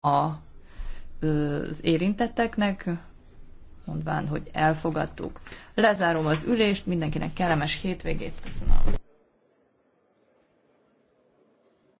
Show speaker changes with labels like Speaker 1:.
Speaker 1: a, az érintetteknek, mondván, hogy elfogadtuk. Lezárom az ülést, mindenkinek kellemes hétvégét köszönöm.